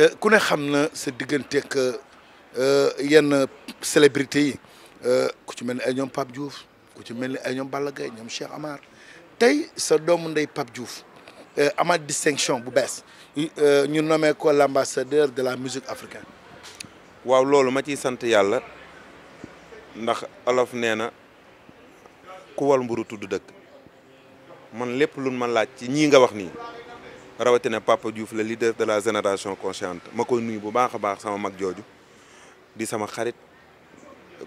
Euh, ku ne xam na sa diggante digganteeg euh, yenn célébrité yi euh, ku ci mel ni ay ñoom Pape Diouf ku ci mel ni ay ñoom Balla ñoom Cheikh Amar tey sa doomu ndey Pape Diouf amaat distinction bu bees ñu nommé ko l'ambassadeur de la musique africaine. waaw loolu ma ciy sant yàlla ndax olof nee na ku wal mburu tudd dëkk man lépp luñ ma laaj ci ñii nga wax nii. rawatina Papa Diouf le leader de la génération consciente ma koy nuyu bu baax a baax sama mag jooju di sama xarit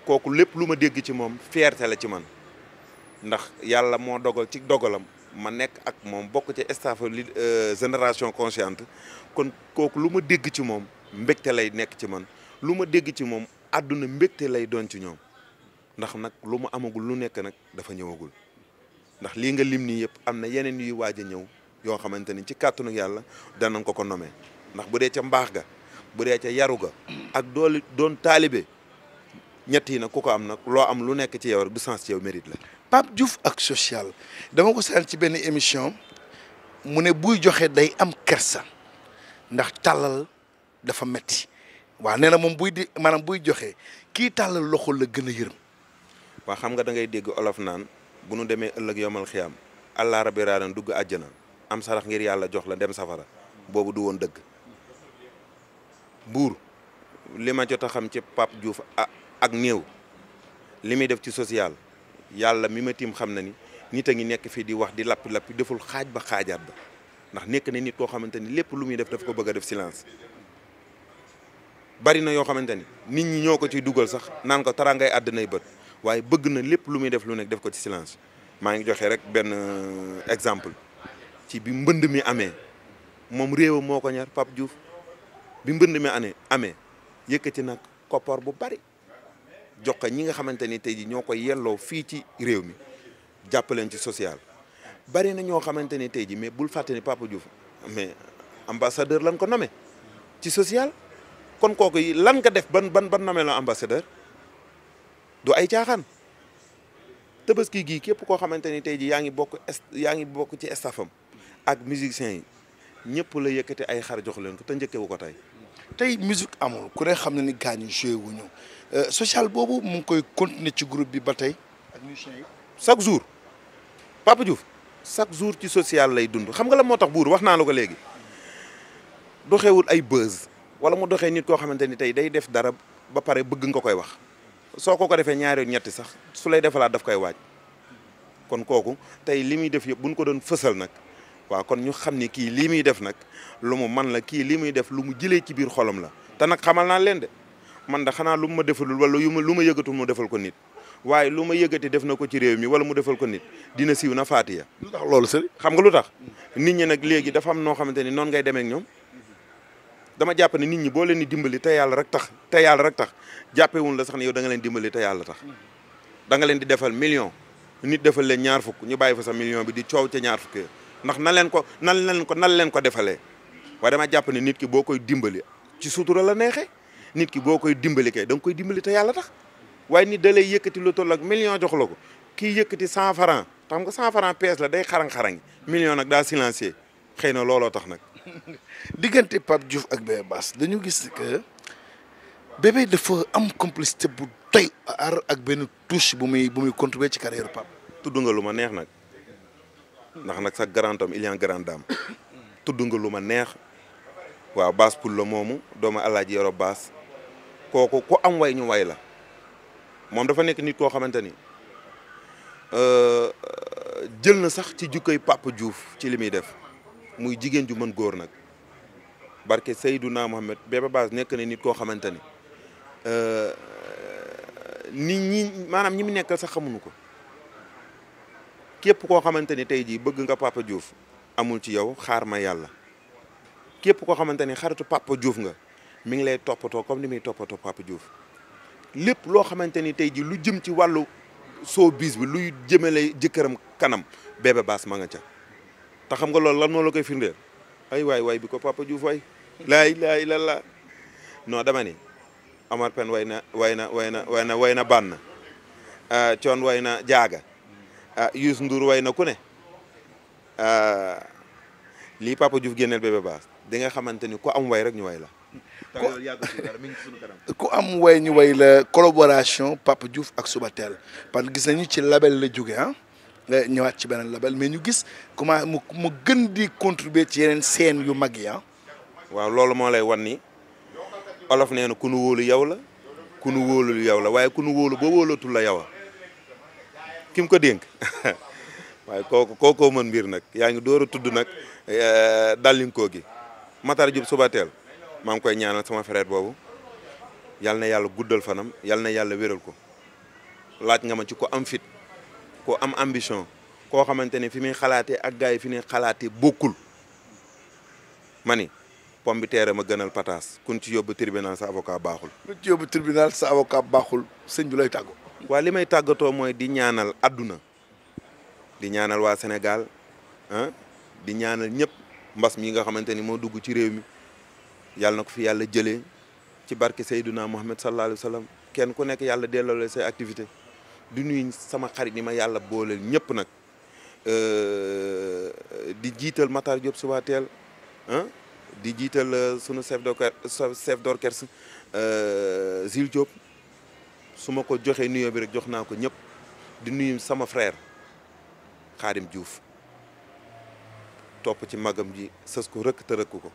kooku lépp lu ma dégg ci moom fierté la ci man ndax yàlla moo dogal ci dogalam ma nekk ak moom bokk ci staff li euh, génération consciente kon kooku lu ma dégg ci moom mbégte lay nekk ci man lu ma dégg ci moom àdduna mbégte lay doon ci ñoom ndax nag lu ma amagul lu nekk nag dafa ñëwagul ndax lii nga lim nii yëpp am na yeneen yuy waaj a ñëw yo xamanteni ci katunu yalla dan danañ ko ko nomé ndax budé ci mbax ga budé ci yaru ga ak dool don talibé ñett yi nag am nak lo am lu nekk ci yow du sens ci yow mérite la pap djouf ak social dama ko sel ci ben émission mune buy joxe day am kersa ndax talal dafa metti wa nee mom buy di buy joxe ki talal loxo la gëna yërm wa xam nga da ngay dégg olof nan bu nu démé ëlëk yomal xiyam allah rabbi raadan dugg aljana am sarax ngir yalla jox la dem safara bobu du won deug bour li ma jot xam ci pap Diouf ak new limi def ci social yalla mi ma tim xam ni nit di wax di lap lap deful xaj ba xajat ba ndax nek na nit ko xamanteni lepp lu mi def daf ko bëgg def silence bari na yo xamanteni nit ñi ñoko ci duggal dugal sax nan ko taraangay àddinay beut waye bëgg na lepp lu mi def lu nek def ko ci silence ma ngi joxe rek ben euh, exemple ci bi mbënd mi amee moom réew moo ko ñor Pape Diouf bi mbënd mi ane amee yëkkati nag koppar bu bari jox ko ñi nga xamante ni tey jii ñoo ko yelloo fii ci réew mi jàppaleen ci social bari na ñoo xamante ni tey jii mais bul fàtte ni Pape mais ambassadeur lan ko nommé ci social kon kooku yi lan nga def ban ban ban nommé la ambassadeur du ay caaxaan tabaski gii képp koo xamante ni tey jii yaa ngi bokk yaa ngi bokk ci staffam ak musiciens yi ñëpp la yëkkati ay xar jox leen ko te njëkkewu ko tey. tey musique amul ku ne xam na ni gaañu joué wu ñëw euh, sociale boobu mu ngi koy continuer ci groupe bi ba tey ak yi. chaque jour Papa Diouf chaque jour ci sociale lay dund xam nga la moo tax buur wax naa la ko léegi doxewul ay buzz wala mu doxee nit koo xamante ni tey day def dara ba pare bëgg nga koy wax soo ko ko defee ñaari ñetti sax su lay defalaat daf koy waaj kon kooku tey li muy def yëpp bu ko doon fësal nag. quoi kon ñu xam ni kii lii muy def nag lu mu man la kii lii muy def lu mu jëlee ci biir xolam la te nag xamal naa leen de man da xanaa lu mu ma defalul wala yu ma lu ma yëgatul mu defal ko nit waaye lu ma yëgati def na ko ci réew mi wala mu defal ko nit dina siiw na faatiya lu loolu sëriñ xam lu tax nit ñi nag léegi dafa am noo xamante ni noonu ngay demee ñoom dama jàpp ne nit ñi boo leen di dimbali te yàlla rek tax te yàlla rek tax jàppewul la sax ne yow da nga leen dimbali te yàlla tax da leen di defal million nit defal leen ñaar fukk ñu bàyyi fa sa million bi di coow ce ñaar fukk ndax nan leen ko nan leen ko nan leen ko defalee waaye dama jàpp ne nit ki boo koy dimbali ci sutura la neexee nit ki boo koy dimbali kay da nga koy dimbali te yàlla tax waaye nit da lay yëkkati lu toll ak million jox la ko kii yëkkati cent franc xam nga cent franc pièce la day xaraŋ-xaraŋ million nag daa silencier xëy na looloo tax nag. diggante Pape Diouf ak Bébé Bass dañu gis que Bébé dafa am complicité bu doy aar ak benn touche bu muy bu muy contribuer ci carrière Pape. tudd nga lu ma neex nag. ndax nag sax grand il y a une grande dame tudd nga lu ma neex waaw baas pul la moomu doomu alaaji yoro baas kooku ko am way ñu way la moom dafa nekk nit koo xamante ni euh, jël na sax ci jukkay Papa Diouf ci li muy def muy jigéen ju mën góor nag barke Seydouna Mohamed Bébé Baas nekk na nit koo xamante ni euh, nit ñi maanaam ñi mu nekkal sax xamuñu ko képp koo xamante ni tey jii bëgg nga Papa Diouf amul ci yow xaar ma yàlla képp koo xamante ni xaritu Papa juuf nga mi ngi lay toppatoo comme ni muy toppatoo Papa Diouf lépp loo xamante ni tey jii lu jëm ci wàllu bis bi luy jëmale jëkkëram kanam Bébé Bass ma nga ca te xam nga loolu lan moo la koy firndeel ay waay waay bi ko Papa Diouf waay laa ilaaha illallaah non dama ni Omar Pène way na way na way na way na way na bànn coon ah, way na jaaga Il ah, Youssou Ndour way na de ah, Papa Diouf génneel Bébé Bass. di nga xamante am way rek ñu way la. am way ñu la collaboration Papa Diouf ak Subatel parce que ci label la jóge ah ci label mais ñu gis comment mu mu di contribuer ci scène yu mag ah. waaw loolu lay la ku il pas la de la ki ko dénk waaye kooku kookoo mën mbir nag yaa ngi door a tudd nag eh, dàllinkoo gi Matar Diop suba teel maa ngi koy ñaanal sama frère boobu yal na yàlla guddal fanam yal na yàlla wéral ko laaj nga ma ci ko am fit ko am ambition koo xamante ne fi muy xalaatee ak gars fi muy xalaate bokkul ma ni pombiteere ma gënal pataas kun ci yóbbu tribunal sa avocat baaxul. kun ci yóbbu baaxul sëñ bi lay waa li may tàggatoo mooy di ñaanal àdduna di ñaanal waa Sénégal ah di ñaanal ñëpp mbas mi nga xamante ni moo dugg ci réew mi yàlla na ko fi yàlla jële ci barke Seyduna Muhammad sallallahu alayhi wa kenn ku nekk yàlla delloo la say activité di nuyu sama xarit yi ma yàlla booleel ñëpp nag di jiital Matar Diop suba teel ah di jiital euh, sunu chef de chef d'orchestre Zil euh, Diop su ma ko joxee nuyoo bi rek jox naa ko ñëpp di nuyu sama frère Xaadim juuf topp ci magam ji sës ko rëkk te rëkk ko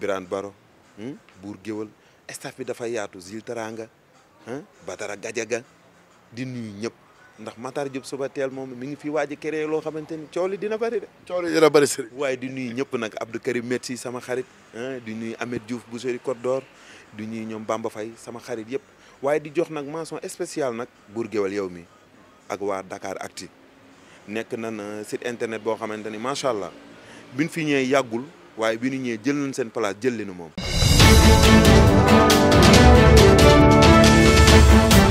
Birane Baro hmm, buur géwal staff bi dafay yaatu Zil Teranga hmm, Badara Gajaga di nuyu ñëpp ndax Matar Diop suba teel moom mu ngi fi waaj a créé loo xamante ni coow dina bëri de. coow li waaye di nuyu ñëpp nag Abdou Karim Metsi sama xarit hmm, di nuyu amet Diouf bu Seri Côte d'Or di nuyu ñoom Bamba fay sama xarit yëpp. waaye di jox nag mention espécial nag buur géwal yow mi ak waa Dakar acti nekk nan site internet boo xamante ni macha allah biñ fi ñëwee yàggul waaye bi nu ñëwee jël nañ seen place jël leen moom.